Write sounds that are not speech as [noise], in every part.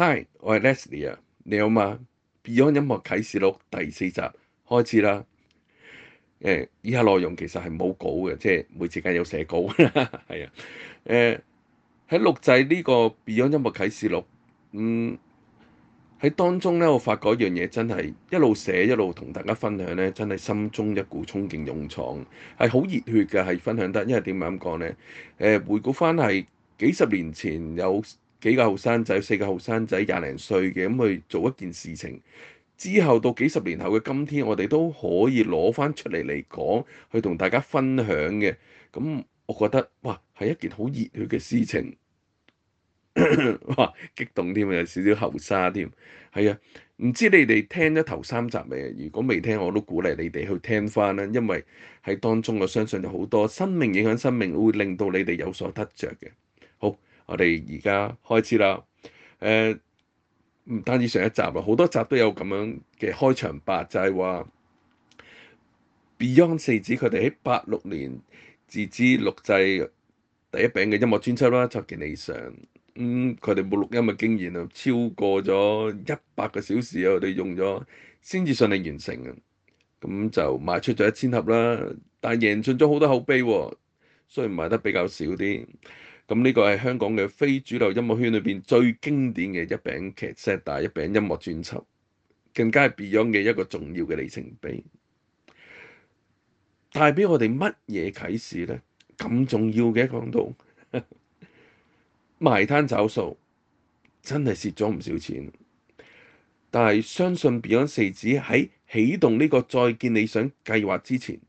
Hi，我係 Leslie 啊，你好嘛？Beyond, Beyond 音樂啟示錄第四集開始啦。誒、呃，以下內容其實係冇稿嘅，即係每次梗有寫稿啦，係啊。誒、呃，喺錄製呢個 Beyond 音樂啟示錄，嗯，喺當中咧，我發覺一樣嘢真係一路寫一路同大家分享咧，真係心中一股衝勁勇闖，係好熱血嘅，係分享得。因為點解咁講咧？誒、呃，回顧返係幾十年前有，幾個後生仔，四個後生仔，廿零歲嘅咁去做一件事情，之後到幾十年後嘅今天，我哋都可以攞翻出嚟嚟講，去同大家分享嘅。咁我覺得，哇，係一件好熱血嘅事情， [coughs] 哇，激動添啊，有少少後生添。係啊，唔知你哋聽咗頭三集未？如果未聽，我都鼓勵你哋去聽翻啦，因為喺當中我相信有好多生命影響生命，會令到你哋有所得着嘅。我哋而家開始啦。誒、呃，唔單止上一集啦，好多集都有咁樣嘅開場白，就係話 Beyond 四子，佢哋喺八六年自資錄製第一餅嘅音樂專輯啦，《再見理想》。嗯，佢哋冇錄音嘅經驗啊，超過咗一百個小時啊，我哋用咗先至順利完成啊。咁就賣出咗一千盒啦，但係贏盡咗好多口碑喎，雖然賣得比較少啲。咁呢個係香港嘅非主流音樂圈裏邊最經典嘅一餅劇 set，但係一餅音樂專輯更加係 Beyond 嘅一個重要嘅里程碑。帶俾我哋乜嘢啟示呢？咁重要嘅講到埋單找數，真係蝕咗唔少錢。但係相信 Beyond 四子喺起動呢個再見理想計劃之前，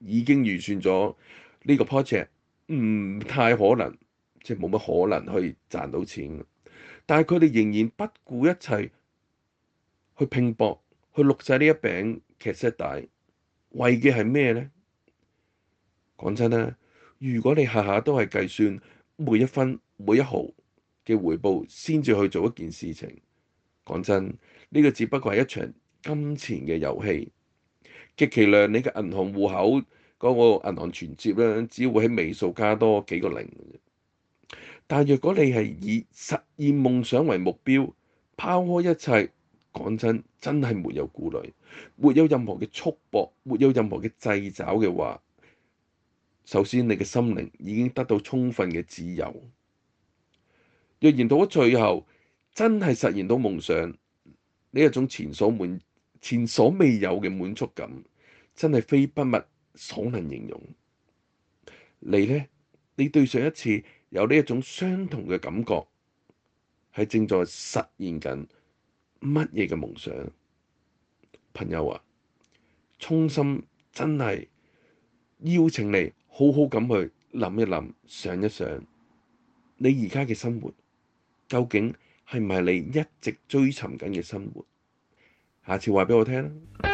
已經預算咗呢個 project，唔太可能。即冇乜可能去賺到錢，但係佢哋仍然不顧一切去拼搏，去錄晒呢一餅卡式帶為嘅係咩呢？講真啦，如果你下下都係計算每一分每一毫嘅回報先至去做一件事情，講真呢、呢個只不過係一場金錢嘅遊戲。極其量，你嘅銀行戶口嗰個銀行存折咧，只會喺尾數加多幾個零。但若果你係以實現夢想為目標，拋開一切，講真，真係沒有顧慮，沒有任何嘅束縛，沒有任何嘅掣肘嘅話，首先你嘅心靈已經得到充分嘅自由。若然到咗最後，真係實現到夢想呢一種前所滿、前所未有嘅滿足感，真係非筆墨所能形容。你呢，你對上一次，有呢一種相同嘅感覺，係正在實現緊乜嘢嘅夢想？朋友啊，衷心真係邀請你好好咁去諗一諗、想一想，你而家嘅生活，究竟係唔係你一直追尋緊嘅生活？下次話俾我聽。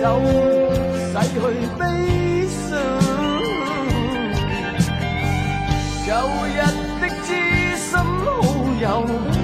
酒，洗去悲傷。舊日的知心好友。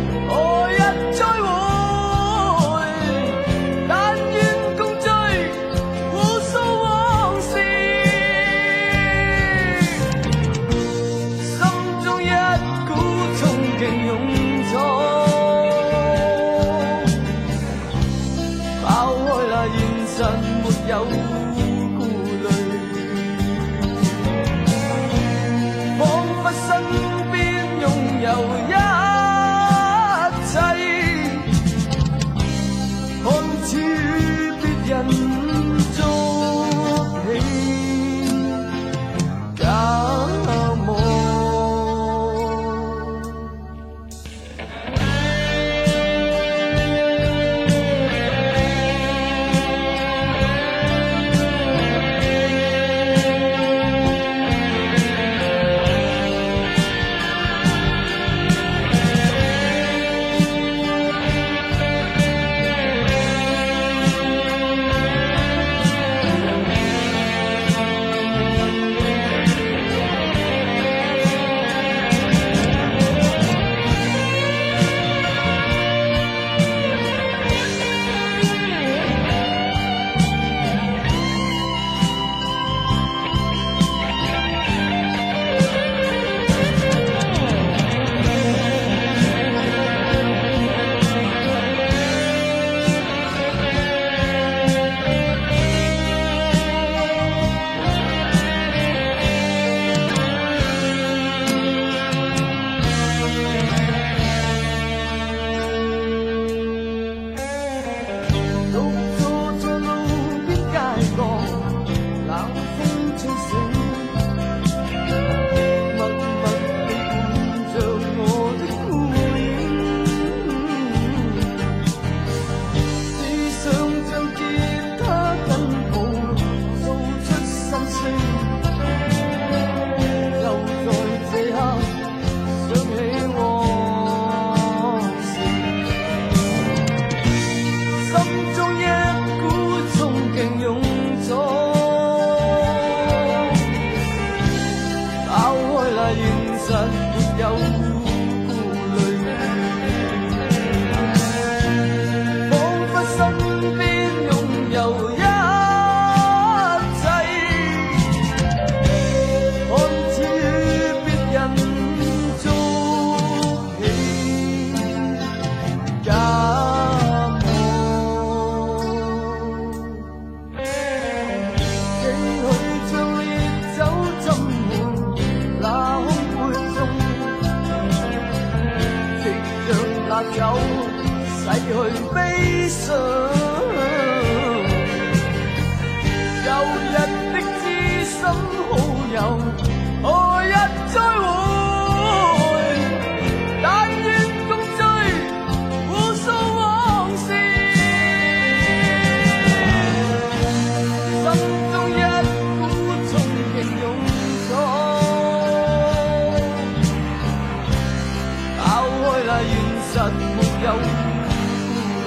沒有憂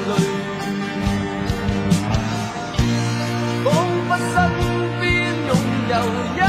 慮，彷彿身邊擁有。